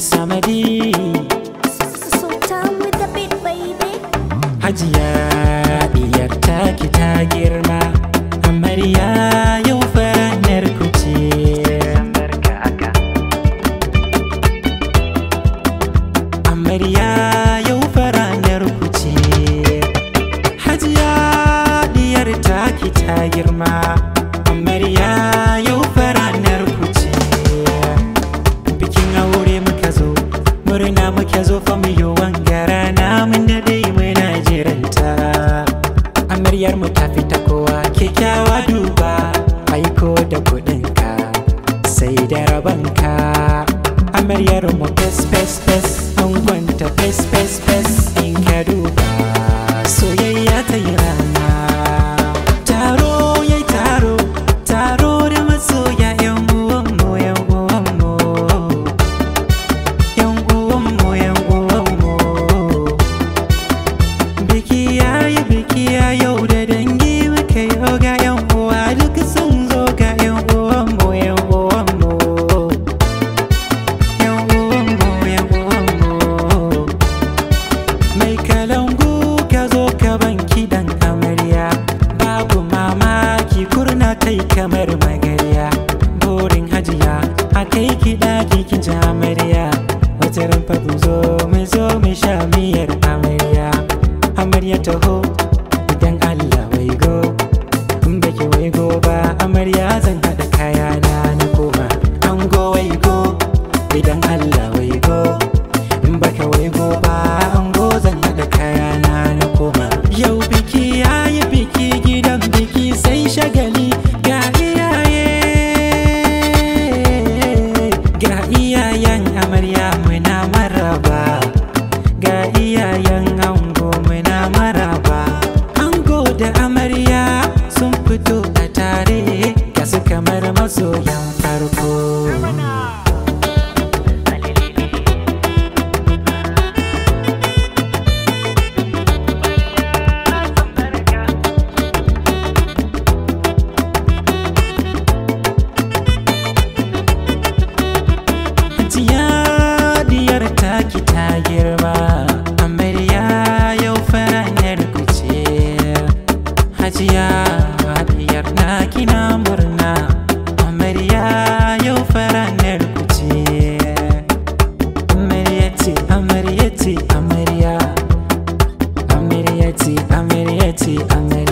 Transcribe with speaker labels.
Speaker 1: samadi hajiya diyar taki ta girma amarya yau fanar kuce amarya yau faranar kuce hajiya diyar taki ta girma fa mu yi wanga rana mun mana muna amaryar mu ta fita kowa kyakkyawa duba aiko da kuɗin ka sai da rabanka amaryar mu pes-pes-pes. wata rumfa zo mu zo mu sha miyar amarya amarya taho yan amarya muna maraba ga iyayen ango muna maraba ango da amarya sun fito a tare ga su kamar masoyan farko amariyati amarya amariyati amariyati amarya